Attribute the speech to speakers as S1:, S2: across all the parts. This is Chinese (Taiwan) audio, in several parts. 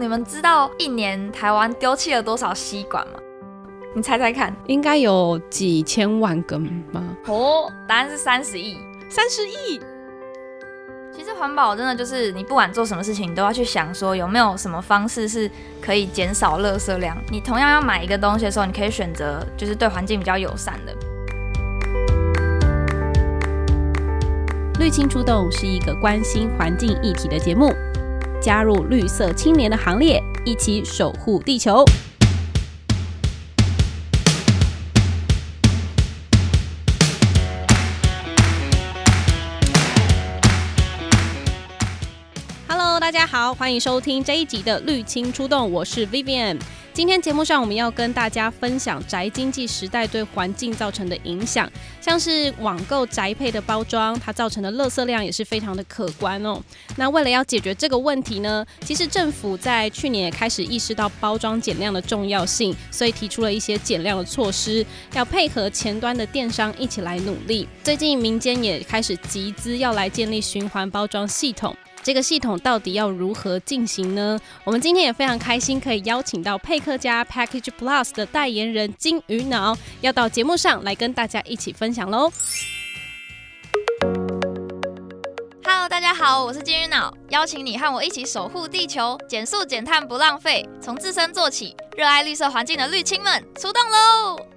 S1: 你們知道一年台灣丟棄了多少吸管嗎？你猜猜看，
S2: 應該有幾千萬個嗎？
S1: 哦，oh，答案是三十億，三十億。其實環保真的就是你不管做什麼事情，你都要去想說有沒有什麼方式是可以減少垃圾量。你同樣要買一個東西的時候，你可以選擇就是對環境比較友善的。
S2: 綠青出動是一個關心環境議題的節目，加入綠色青年的行列，一起守護地球。Hello，大家好，歡迎收聽這一集的《綠青出動》，我是 Vivian。今天節目上，我們要跟大家分享宅經濟時代對環境造成的影響，像是網購宅配的包裝，它造成的垃圾量也是非常的可觀哦。那為了要解決這個問題呢，其實政府在去年也開始意識到包裝減量的重要性，所以提出了一些減量的措施，要配合前端的電商一起來努力。最近民間也開始集資，要來建立循環包裝系統。這個系統到底要如何進行呢？我們今天也非常開心，可以邀請到配客嘉 Package Plus 的代言人金魚腦，要到節目上來跟大家一起分享嘍。
S1: Hello，大家好，我是金魚腦，邀請你和我一起守護地球，減塑、減碳不浪費，從自身做起，熱愛綠色環境的綠青們出動嘍！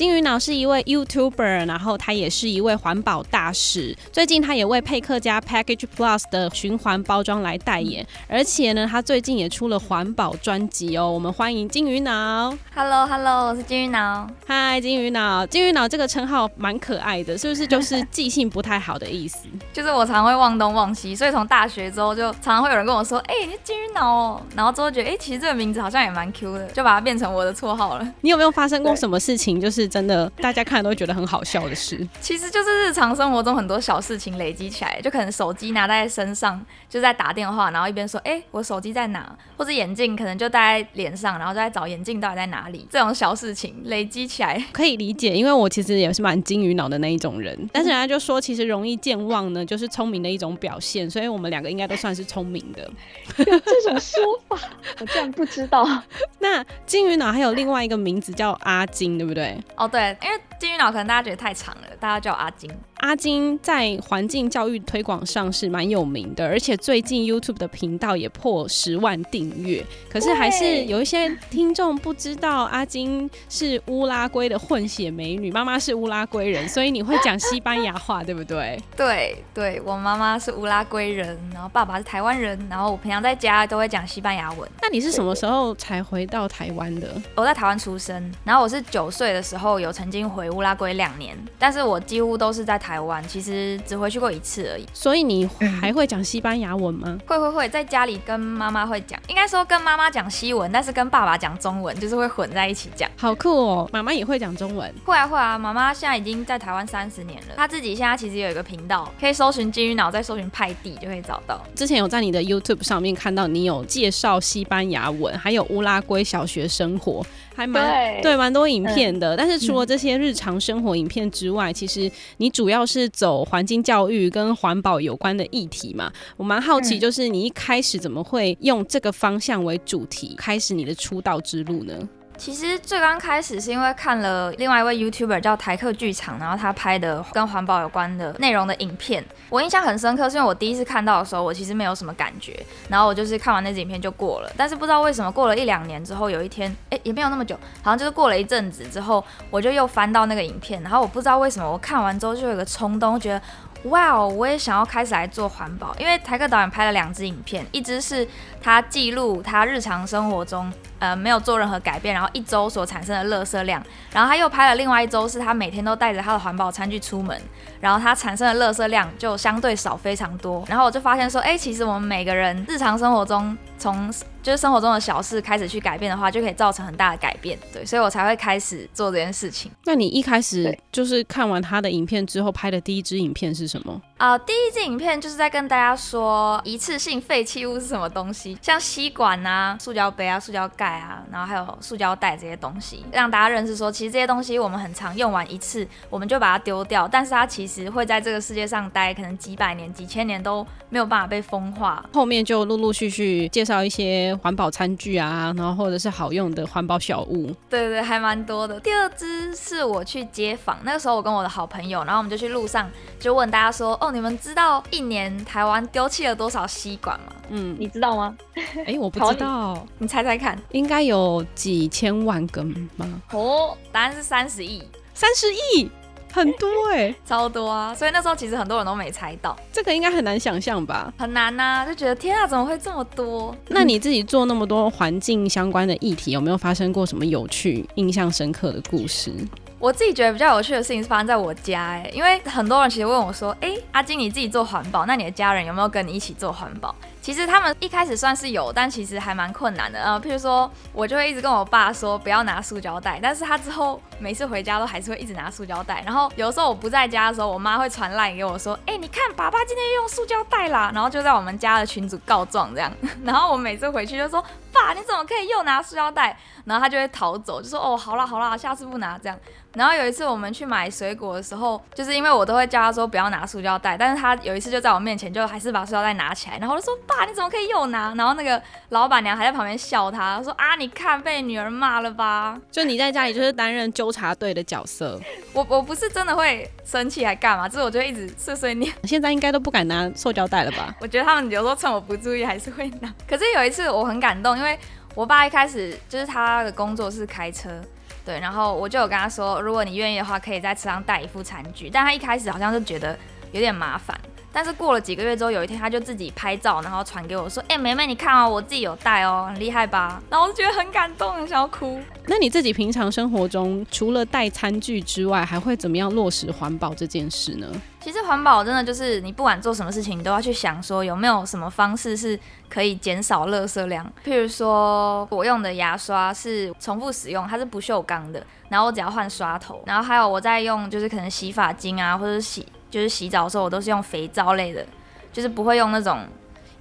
S2: 金魚腦是一位 YouTuber，然後他也是一位環保大使。最近他也為配客嘉 Package Plus 的循環包裝來代言，而且呢，他最近也出了環保專輯哦。我們歡迎金魚腦。
S1: Hello，Hello，hello, 我是金魚腦。
S2: 嗨，金魚腦。金魚腦這個稱號蠻可愛的，是不是就是記性不太好的意思？
S1: 就是我常會忘東忘西，所以從大學之後就常常會有人跟我說：“哎、欸，你金魚腦、哦。”然後之後就覺得：“哎、欸，其實這個名字好像也蠻 Q 的，就把它變成我的綽號了。”
S2: 你有沒有發生過什麼事情，對就是真的大家看都會覺得很好笑的事？
S1: 其實就是日常生活中很多小事情累積起來，就可能手機拿在身上就在打電話，然後一邊說：“哎、欸，我手機在哪？”或者眼鏡可能就戴在臉上，然後就在找眼鏡到底在哪裡。這種小事情累積起來
S2: 可以理解，因為我其實也是蠻金魚腦的那一種人，但是人家就說其實容易健忘呢。就是聰明的一種表現，所以我們兩個應該都算是聰明的。這種說
S1: 法， 我居然不知道。
S2: 那金魚腦還有另外一個名字叫阿金，對不對？
S1: 哦，對，因為金魚腦可能大家覺得太長了，大家叫阿金。
S2: 阿金在環境教育推廣上是蠻有名的，而且最近 YouTube 的頻道也破十萬訂閱。可是還是有一些聽眾不知道阿金是烏拉圭的混血美女，媽媽是烏拉圭人，所以你會講西班牙話，對不對？
S1: 對，對，我媽媽是烏拉圭人，然後爸爸是台灣人，然後我平常在家都會講西班牙文。那你是什麼時
S2: 候才回到台灣的？
S1: 我在台灣出生，然後我是九歲的時候有曾經回烏拉圭兩年，但是我幾乎都是在台。台灣其實只回去過一次而已，
S2: 所以你還會講西班牙文嗎？
S1: 會會會，在家裡跟媽媽會講，應該說跟媽媽講西文，但是跟爸爸講中文，就是會混在一起講。好酷哦！媽媽也會講中文？會啊會啊！媽媽現在已經在台灣三十年了，她自己現在其實有一個頻道，可以搜尋金魚腦，再搜尋派地就可以找到。
S2: 之前有在你的 YouTube 上面看到你有介紹西班牙文，還有烏拉圭小學生活。還蠻對，蠻多影片的。嗯、但是除了這些日常生活影片之外，嗯、其實你主要是走環境教育跟環保有關的議題嘛。我蠻好奇，就是你一開始怎麼會用這個方向為主題，嗯、開始你的出道之路呢？
S1: 其實最剛開始是因為看了另外一位 YouTuber 叫台客劇場，然後他拍的跟環保有關的內容的影片，我印象很深刻，是因為我第一次看到的時候，我其實沒有什麼感覺，然後我就是看完那支影片就過了。但是不知道為什麼，過了一兩年之後，有一天，哎，也沒有那麼久，好像就是過了一陣子之後，我就又翻到那個影片，然後我不知道為什麼，我看完之後就有個衝動，我覺得。哇哦，wow, 我也想要開始來做環保，因為台客導演拍了兩支影片，一支是他記錄他日常生活中，呃，沒有做任何改變，然後一周所產生的垃圾量，然後他又拍了另外一周，是他每天都帶着他的環保餐具出門，然後他產生的垃圾量就相對少非常多，然後我就發現說，誒、欸，其實我們每個人日常生活中。從就是生活中的小事開始去改變的話，就可以造成很大的改變。對，所以我才會開始做這件事情。
S2: 那你一開始就是看完他的影片之後拍的第一支影片是什麼？
S1: 啊、呃，第一支影片就是在跟大家說一次性廢棄物是什麼東西，像吸管啊、塑膠杯啊、塑膠蓋啊，然後還有塑膠袋這些東西，讓大家認識說，其實這些東西我們很常用完一次，我們就把它丟掉，但是它其實會在這個世界上待可能幾百年、幾千年都沒有辦法被風化。後面
S2: 就陸陸續續介紹一些環保餐具啊，然後或者是好用的環保小物，
S1: 對對，還蠻多的。第二支是我去街訪，那個時候我跟我的好朋友，然後我們就去路上就問大家說，哦。你們知道一年台灣丟棄了多少吸管嗎？嗯，你知道嗎？哎、欸，我不知道。 你猜猜看，
S2: 應該有幾千萬根嗎？
S1: 哦，答案是三十億，三十億，很多哎、欸，超 多啊！所以那時候其實很多人都沒猜到，這個應該很難想象吧？很難吶、啊，就覺得天啊，怎麼會這麼多？那你
S2: 自己做那麼多環境相關的議題，嗯、有沒有發生過什麼有趣、印象深刻的故事？
S1: 我自己覺得比較有趣的事情是發生在我家、欸，哎，因為很多人其實問我說，哎、欸，阿金你自己做環保，那你的家人有沒有跟你一起做環保？其實他們一開始算是有，但其實還蠻困難的啊、呃。譬如說，我就會一直跟我爸說不要拿塑膠袋，但是他之後每次回家都還是會一直拿塑膠袋。然後有時候我不在家的時候，我媽會傳賴給我說，哎、欸，你看爸爸今天用塑膠袋啦，然後就在我們家的群組告狀這樣。然後我每次回去就說。爸，你怎麼可以又拿塑膠袋？然後他就會逃走，就說哦，好啦好啦，下次不拿這樣。然後有一次我們去買水果的時候，就是因為我都會叫他說不要拿塑膠袋，但是他有一次就在我面前就還是把塑料袋拿起來，然後我就說爸，你怎麼可以又拿？然後那個老闆娘還在旁邊笑他，說啊，你看被女兒罵了吧？
S2: 就你在家裡就是擔任糾察隊的角色。
S1: 我我不是真的會生氣，還幹嘛？就是我就一直碎碎念。
S2: 現在應該都不敢拿塑膠袋了吧？
S1: 我覺得他們有時候趁我不注意還是會拿。可是有一次我很感動，因為。我爸一開始就是他的工作是開車，對，然後我就有跟他說，如果你願意的話，可以在車上帶一副餐具，但他一開始好像就覺得有點麻煩。但是過了幾個月之後，有一天他就自己拍照，然後傳給我，說：“欸，妹妹，你看哦，我自己有帶哦，很厲害吧？”然後我就覺得很感動，很想哭。那你
S2: 自己平常生活中，除了帶餐具之外，還會怎麼樣落實環保這件事呢？
S1: 其實環保真的就是你不管做什麼事情，你都要去想說有沒有什麼方式是可以減少垃圾量。譬如說我用的牙刷是重複使用，它是不鏽鋼的，然後我只要換刷頭。然後還有我在用，就是可能洗髮精啊，或者洗。就是洗澡的時候，我都是用肥皂類的，就是不會用那種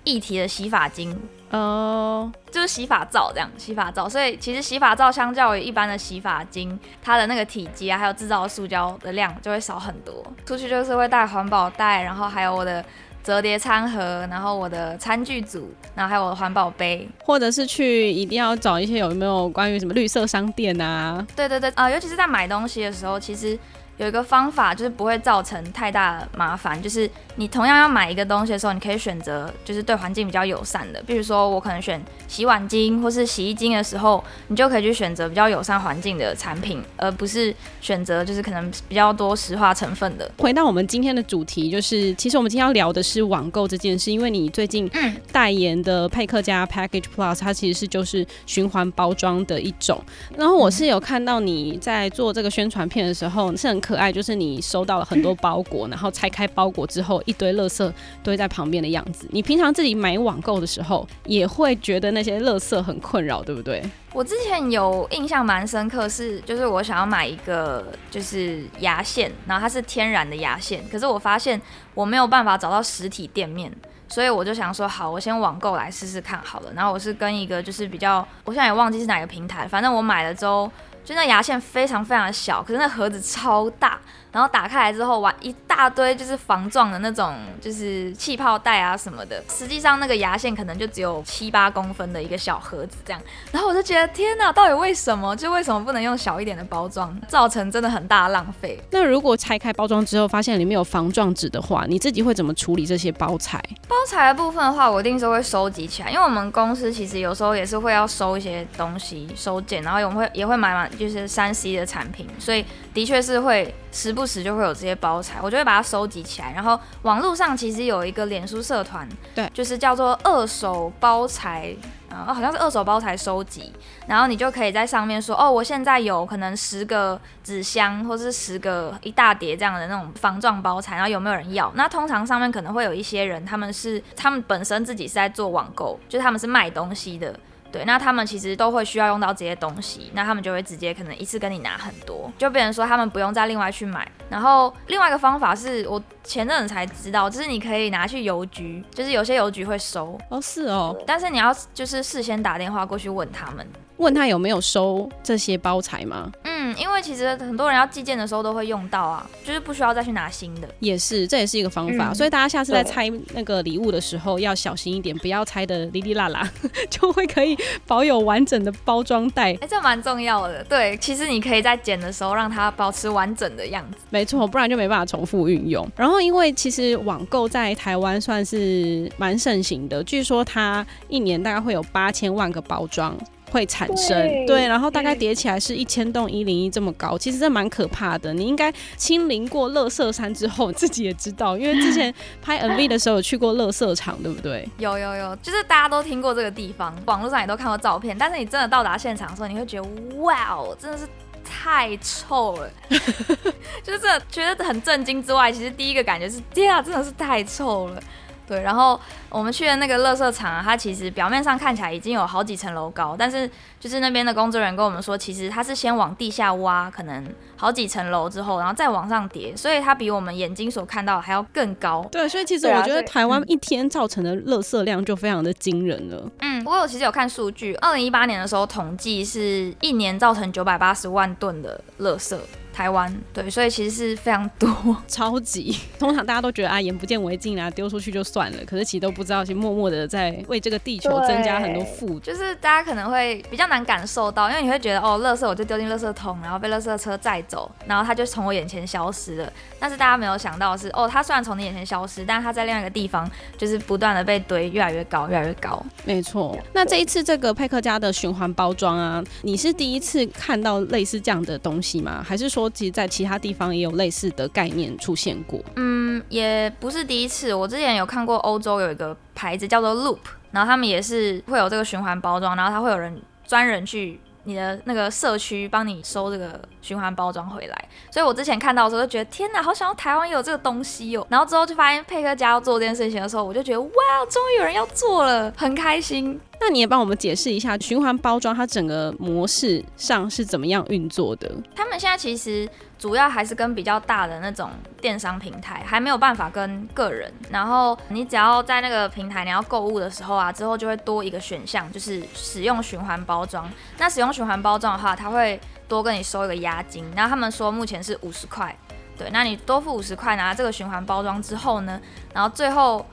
S1: 液體的洗髮精哦，uh、就是洗髮皂這樣，洗髮皂。所以其實洗髮皂相較於一般的洗髮精，它的那個體積啊，還有製造的塑膠的量就會少很多。出去就是會帶環保袋，然後還有我的折疊餐盒，然後我的餐具組，然後還有我的環保杯，
S2: 或者是去一定要找一些有沒有關於什麼綠色商店啊？
S1: 對對對，啊、呃，尤其是在買東西的時候，其實。有一個方法就是不會造成太大的麻煩，就是你同樣要買一個東西的時候，你可以選擇就是對環境比較友善的，比如說我可能選洗碗精或是洗衣精的時候，你就可以去選擇比較友善環境的產品，而不是選擇就是可能比較多石化成分的。回到
S2: 我們今天的主題，就是其實我們今天要聊的是網購這件事，因為你最近代言的配客嘉 Package Plus 它其實是就是循環包裝的一種，然後我是有看到你在做這個宣傳片的時候是很。可愛，就是你收到了很多包裹，然後拆開包裹之後一堆垃圾堆在旁邊的樣子。你平常自己買網購的時候，也會覺得那些垃圾很困擾，對不對？
S1: 我之前有印象蠻深刻，是就是我想要買一個就是牙線，然後它是天然的牙線，可是我發現我沒有辦法找到實體店面，所以我就想說，好，我先網購來試試看好了。然後我是跟一個就是比較，我現在也忘記是哪個平台，反正我買了之後。就那牙線非常非常小，可是那盒子超大，然後打開來之後哇一大堆就是防撞的那種，就是氣泡袋啊什麼的。實際上那個牙線可能就只有七八公分的一個小盒子這樣。然後我就覺得天哪，到底為什麼？就為什麼不能用小一點的包裝？造成真的很大的浪費。
S2: 那如果拆開包裝之後發現裡面有防撞紙的話，你自己會怎麼處理這些包材？
S1: 包材的部分的話，我一定說會收集起來，因為我們公司其實有時候也是會要收一些東西收件，然後也會也會買買。就是三 C 的產品，所以的確是會時不時就會有這些包材，我就會把它收集起來。然後網絡上其實有一個臉書社團，對，就是叫做二手包材，啊、哦，好像是二手包材收集。然後你就可以在上面說，哦，我現在有可能十個紙箱，或是十個一大疊這樣的那種防撞包材，然後有沒有人要？那通常上面可能會有一些人，他們是他們本身自己是在做網購，就是他們是賣東西的。對，那他們其實都會需要用到這些東西，那他們就會直接可能一次跟你拿很多，就變成說他們不用再另外去買。然後另外一個方法是我前陣子才知道，就是你可以拿去郵局，就是有些郵局會收。哦，是哦，但是你要就是事先打電話過去問他們。
S2: 問他有沒有收這些包材嗎？
S1: 嗯，因為其實很多人要寄件的時候都會用到啊，就是不需要再去拿新的，
S2: 也是，這也是一個方法。嗯、所以大家下次在拆那個禮物的時候、嗯、要小心一點，對不要拆的哩哩啦啦， 就會可以保有完整的包裝袋。哎、
S1: 欸，這蠻重要的。對，其實你可以在剪的時候讓它保持完整的樣子。
S2: 沒錯，不然就沒辦法重複運用。然後，因為其實網購在台灣算是蠻盛行的，據說它一年大概會有八千萬個包裝。會產生對，對，然後大概疊起來是一千棟一零一這麼高，其實這蠻可怕的。你應該親臨過垃圾山之後，自己也知道，因為之前拍 MV 的時候有去過垃圾場，對不對？
S1: 有有有，就是大家都聽過這個地方，網絡上也都看過照片，但是你真的到達現場的時候，你會覺得哇哦，真的是太臭了， 就是覺得很震驚之外，其實第一個感覺是，天啊，真的是太臭了。對，然後我們去的那個垃圾場啊，它其實表面上看起來已經有好幾層樓高，但是就是那邊的工作人員跟我們說，其實它是先往地下挖，可能好幾層樓之後，然後再往上疊，所以它比我們眼睛所看到的還要更高。對，所以其實我覺得台灣一
S2: 天造成的垃圾量就非常的驚人了。
S1: 啊、嗯，不過我其實有看數據，二零一八年的時候統計是一年造成九百八十萬噸的垃圾。台灣對，所以其實是非常多，超級。
S2: 通常大家都覺得啊，眼不見為淨啊，丟出去就算了。可是其實都不知道，其實默默地在為這個地球增加很多負擔。對就
S1: 是大家可能會比較難感受到，因為你會覺得哦，垃圾我就丟進垃圾桶，然後被垃圾車載走，然後它就從我眼前消失了。但是大家沒有想到的是哦，它雖然從你眼前消失，但他在另外一個地方就是不斷的被堆，越來越高，越來越高。
S2: 沒錯錯。沒錯那這一次這個配客嘉的循環包裝啊，你是第一次看到類似這樣的東西嗎？還是說？其實在其他地方也有類似的概念出現
S1: 過，嗯，也不是第一次。我之前有看過歐洲有一個牌子叫做 Loop，然後他們也是會有這個循環包裝，然後他會有人專人去。你的那個社區幫你收這個循環包裝回來，所以我之前看到的時候就覺得天哪，好想要台灣有這個東西喲、哦。然後之後就發現配客嘉要做這件事情的時候，我就覺得哇，終於有人要做了，
S2: 很開心。那你也幫我們解釋一下循環包裝它整個模式上是怎麼樣運作的？
S1: 他們現在其實。主要還是跟比較大的那種電商平台，還沒有辦法跟個人。然後你只要在那個平台你要購物的時候啊，之後就會多一個選項，就是使用循環包裝。那使用循環包裝的話，他會多跟你收一個押金，那他們說目前是五十塊，對，那你多付五十塊拿這個循環包裝之後呢，然後最後。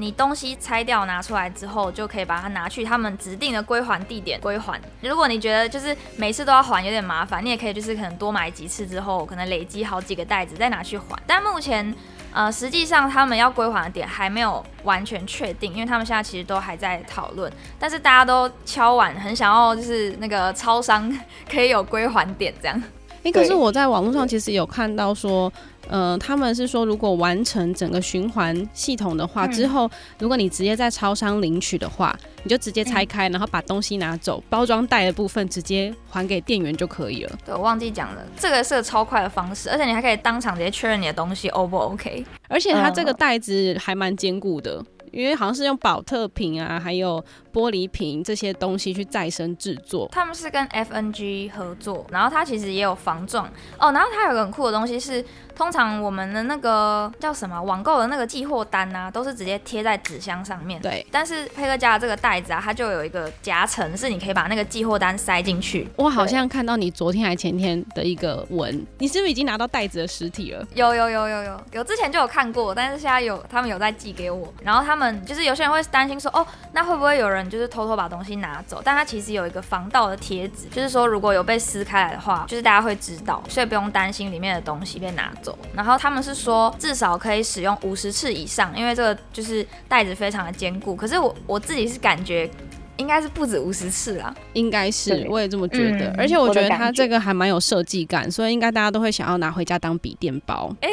S1: 你東西拆掉拿出來之後，就可以把它拿去他們指定的歸還地點歸還。如果你覺得就是每次都要還有點麻煩，你也可以就是可能多買幾次之後，可能累積好幾個袋子再拿去還。但目前，呃，實際上他們要歸還的點還沒有完全確定，因為他們現在其實都還在討論。但是大家都敲碗很想要，就是那個超商可以有歸還點這樣。欸，可是我
S2: 在網絡上其實有看到說，呃，他們是說，如果完成整個循環系統的話之後，如果你直接在超商領取的話，你就直接拆開，然後把東西拿走，包裝袋的部分直接還給店員就可以了。
S1: 對，我忘記講了，這個是個超快的方式，而且你還可以當場直接確認你的東西 O、哦，不 OK，而且它這個袋子還蠻堅固的。因為好像是用寶特瓶啊，還
S2: 有玻璃瓶這些東西去再生製作。
S1: 他們是跟 FNG 合作，然後它其實也有防撞哦。然後它有個很酷的東西是，通常我們的那個叫什麼網購的那個寄貨單啊，都是直接貼在紙箱上面。對，但是配客嘉的這個袋子啊，它就有一個夾層，是你可以把那個寄貨單塞進
S2: 去。我好像看到你昨天還前天的一個文，對
S1: 你是不是已經拿到袋子的實體了？有有有有有，有之前就有看過，但是現在有他們有在寄給我，然後他們。就是有些人會擔心說，哦，那會不會有人就是偷偷把東西拿走？但它其實有一個防盜的貼紙，就是說如果有被撕開來的話，就是大家會知道，所以不用擔心裡面的東西被拿走。然後他們是說至少可以使用五十次以上，因為這個就是袋子非常的堅固。可是我我自己是感覺應該是不止五十次啊，應該是對我也這麼覺得。嗯，而且我覺得它這
S2: 個還蠻有設計感，感所以應該大家都會想要拿回家當筆電包。
S1: 欸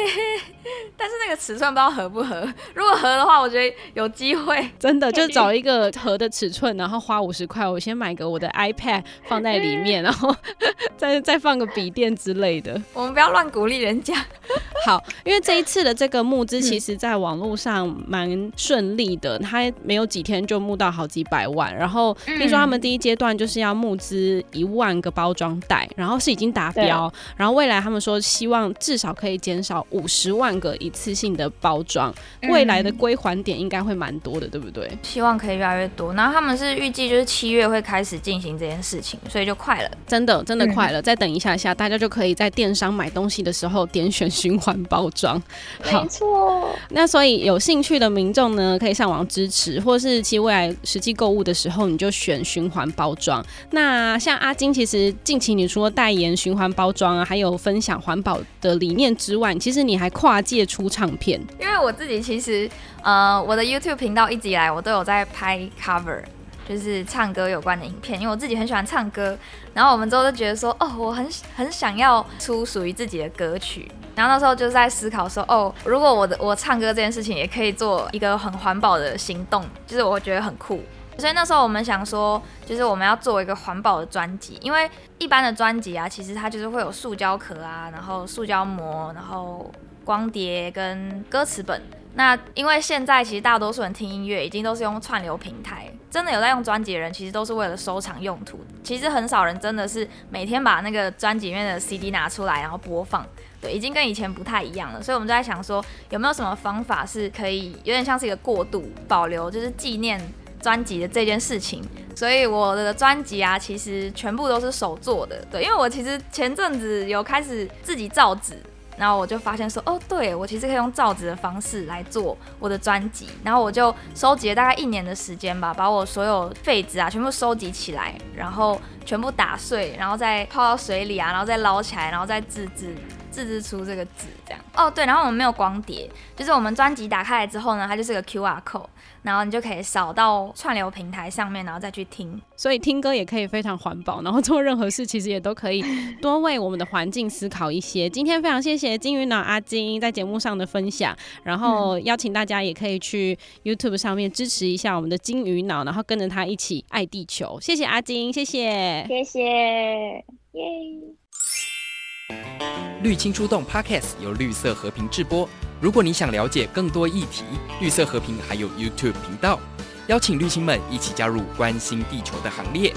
S1: 但是那個尺寸不知道合不合，如果合的話，我覺得有機會。
S2: 真的就找一個合的尺寸，然後花五十塊，我先買個我的 iPad 放在裡面，然後再再放個筆電之類的。我們不要亂鼓勵人家。好，因為這一次的這個募資其實在網絡上蠻順利的，他、嗯、沒有幾天就募到好幾百萬。然後聽說他們第一階段就是要募資一萬個包裝袋，然後是已經達標，對然後未來他們說希望至少可以減少五十萬。一個一次性的包裝，未來的歸還點應該會蠻多的，對不對？嗯、
S1: 希望可以越來越多。然後他們是預計就是七月會開始進行這件事情，所以就快了，真的真的快了。嗯、再
S2: 等一下下，大家就可以在電商買東西的時候點選循環包裝。好，沒錯，那所以有興趣的民眾呢，可以上網支持，或是其實未來實際購物的時候，你就選循環包裝。那像阿金，其實近期你除了代言循環包裝啊，還有分享環保的理念之外，其實你還跨。借出唱片，
S1: 因為我自己其實，呃，我的 YouTube 頻道一直以來我都有在拍 cover，就是唱歌有關的影片，因為我自己很喜歡唱歌。然後我們之後就覺得說，哦，我很很想要出屬於自己的歌曲。然後那時候就是在思考說，哦，如果我的我唱歌這件事情也可以做一個很環保的行動，就是我覺得很酷。所以那時候我們想說，就是我們要做一個環保的專輯，因為一般的專輯啊，其實它就是會有塑膠殼啊，然後塑膠膜，然後。光碟跟歌詞本，那因為現在其實大多數人聽音樂已經都是用串流平台，真的有在用專輯的人其實都是為了收藏用途，其實很少人真的是每天把那個專輯裡面的 CD 拿出來然後播放，對，已經跟以前不太一樣了，所以我們就在想說，有沒有什麼方法是可以有點像是一個過渡保留，就是紀念專輯的這件事情，所以我的專輯啊其實全部都是手做的，對，因為我其實前陣子有開始自己造紙。然後我就發現說，哦對，對我其實可以用造紙的方式來做我的專輯。然後我就收集了大概一年的時間吧，把我所有廢紙啊全部收集起來，然後全部打碎，然後再泡到水裡啊，然後再撈起來，然後再自製，製。自製出這個字，這樣哦、oh, 對，然後我們沒有光碟，就是我們專輯打開來之後呢，它就是個 QR code，然後你就可以掃到串流平台上面，然後再去聽。
S2: 所以聽歌也可以非常環保，然後做任何事其實也都可以多為我們的環境思考一些。 今天非常謝謝金魚腦阿金在節目上的分享，然後邀請大家也可以去 YouTube 上面支持一下我們的金魚腦，然後跟着他一起愛地球。謝謝阿金，謝謝，謝
S1: 謝，耶。綠青出動 Podcast 由綠色和平製播。如果你想了解更多議題，綠色和平還有 YouTube 頻道，邀請綠青們一起加入關心地球的行列。